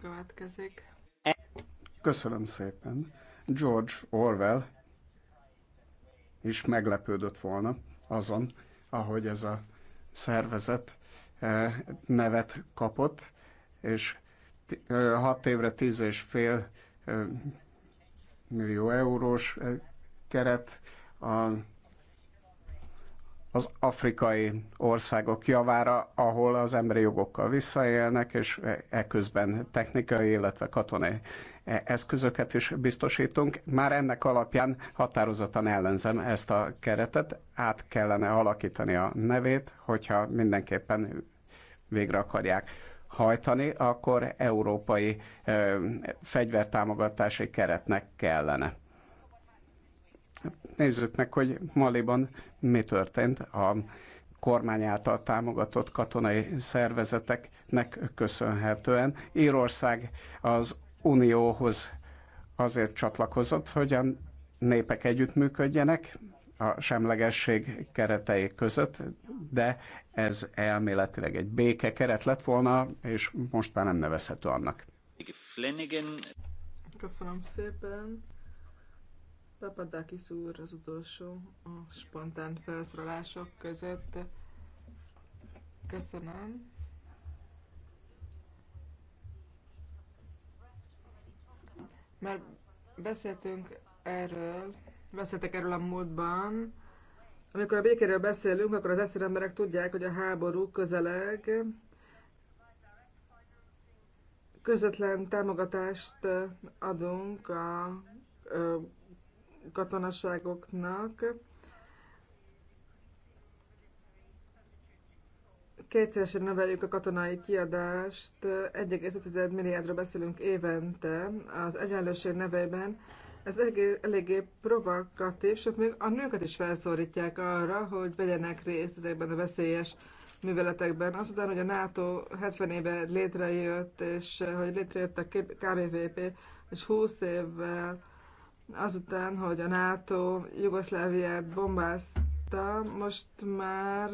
következik. Köszönöm szépen. George Orwell is meglepődött volna azon, ahogy ez a szervezet eh, nevet kapott, és eh, hat évre 10 és fél eh, millió eurós keret a az afrikai országok javára, ahol az emberi jogokkal visszaélnek, és e, eközben technikai, illetve katonai e, eszközöket is biztosítunk. Már ennek alapján határozottan ellenzem ezt a keretet, át kellene alakítani a nevét, hogyha mindenképpen végre akarják hajtani, akkor európai e, fegyvertámogatási keretnek kellene Nézzük meg, hogy Maliban mi történt a kormány által támogatott katonai szervezeteknek köszönhetően. Írország az Unióhoz azért csatlakozott, hogy a népek együttműködjenek a semlegesség keretei között, de ez elméletileg egy béke keret lett volna, és most már nem nevezhető annak. Köszönöm szépen. Papadakis úr az utolsó a spontán felszólalások között. Köszönöm. Mert beszéltünk erről, beszéltek erről a módban. Amikor a békéről beszélünk, akkor az egyszerű emberek tudják, hogy a háború közeleg közvetlen támogatást adunk a katonaságoknak. Kétszeresen növeljük a katonai kiadást, 1,5 milliárdra beszélünk évente az egyenlőség nevében. Ez eléggé, eléggé provokatív, sőt még a nőket is felszólítják arra, hogy vegyenek részt ezekben a veszélyes műveletekben. Azután, hogy a NATO 70 éve létrejött, és hogy létrejött a KBVP, és 20 évvel azután, hogy a NATO Jugoszláviát bombázta, most már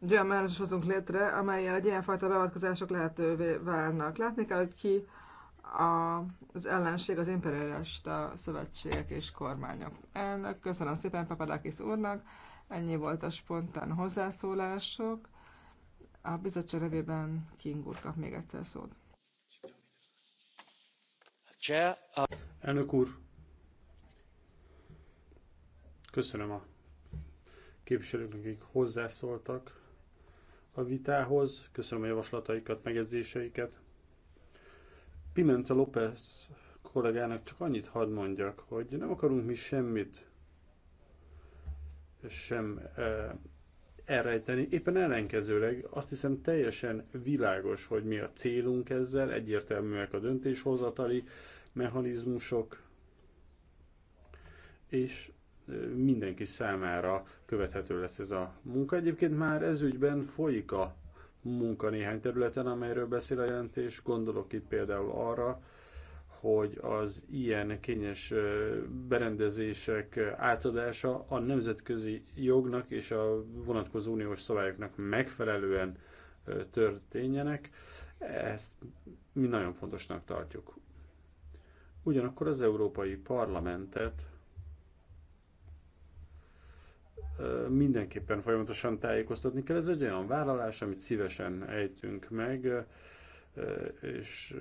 egy olyan mechanizmus hozunk létre, amelyen egy ilyenfajta beavatkozások lehetővé válnak. Látni kell, hogy ki a, az ellenség az imperialista szövetségek és kormányok. Elnök, köszönöm szépen Papadakis úrnak, ennyi volt a spontán hozzászólások. A bizottság nevében King úr kap még egyszer szót. Uh, Elnök úr, Köszönöm a képviselőknek, akik hozzászóltak a vitához. Köszönöm a javaslataikat, megjegyzéseiket. Pimenta López kollégának csak annyit hadd mondjak, hogy nem akarunk mi semmit sem eh, elrejteni. Éppen ellenkezőleg azt hiszem teljesen világos, hogy mi a célunk ezzel, egyértelműek a döntéshozatali mechanizmusok, és mindenki számára követhető lesz ez a munka. Egyébként már ezügyben folyik a munka néhány területen, amelyről beszél a jelentés. Gondolok itt például arra, hogy az ilyen kényes berendezések átadása a nemzetközi jognak és a vonatkozó uniós szabályoknak megfelelően történjenek. Ezt mi nagyon fontosnak tartjuk. Ugyanakkor az Európai Parlamentet mindenképpen folyamatosan tájékoztatni kell. Ez egy olyan vállalás, amit szívesen ejtünk meg, és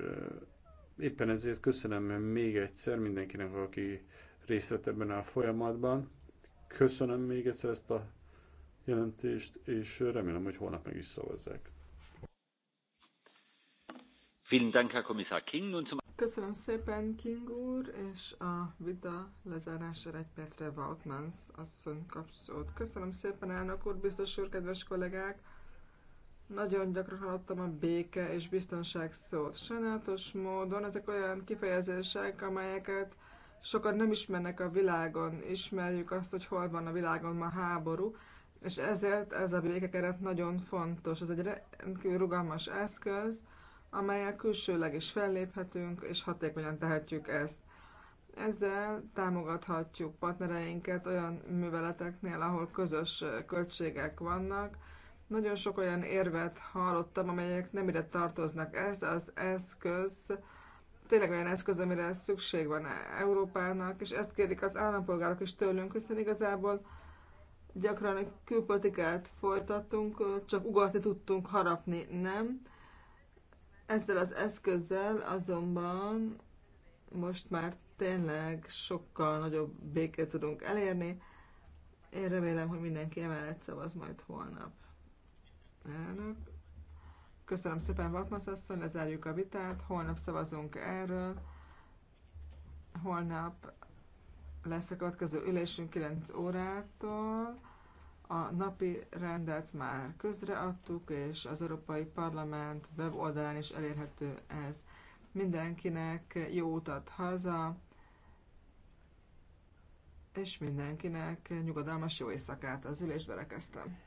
éppen ezért köszönöm még egyszer mindenkinek, aki részt vett ebben a folyamatban. Köszönöm még egyszer ezt a jelentést, és remélem, hogy holnap meg is szavazzák. Vielen Dank, Herr Kommissar King. Köszönöm szépen, King úr, és a vita lezárására egy percre Vautmans asszony kap Köszönöm szépen, elnök úr, biztos úr, kedves kollégák! Nagyon gyakran hallottam a béke és biztonság szót. Sajnálatos módon ezek olyan kifejezések, amelyeket sokan nem ismernek a világon. Ismerjük azt, hogy hol van a világon ma háború, és ezért ez a békekeret nagyon fontos. Ez egy rendkívül rugalmas eszköz, amelyel külsőleg is felléphetünk, és hatékonyan tehetjük ezt. Ezzel támogathatjuk partnereinket olyan műveleteknél, ahol közös költségek vannak. Nagyon sok olyan érvet hallottam, amelyek nem ide tartoznak. Ez az eszköz, tényleg olyan eszköz, amire szükség van Európának, és ezt kérik az állampolgárok is tőlünk, hiszen igazából gyakran egy külpolitikát folytattunk, csak ugatni tudtunk, harapni nem. Ezzel az eszközzel azonban most már tényleg sokkal nagyobb békét tudunk elérni. Én remélem, hogy mindenki emellett szavaz majd holnap. Elnök. Köszönöm szépen, Vatmasz asszony, lezárjuk a vitát. Holnap szavazunk erről. Holnap lesz a következő ülésünk 9 órától. A napi rendet már közreadtuk, és az Európai Parlament weboldalán is elérhető ez. Mindenkinek jó utat haza, és mindenkinek nyugodalmas jó éjszakát. Az ülésbe rekeztem.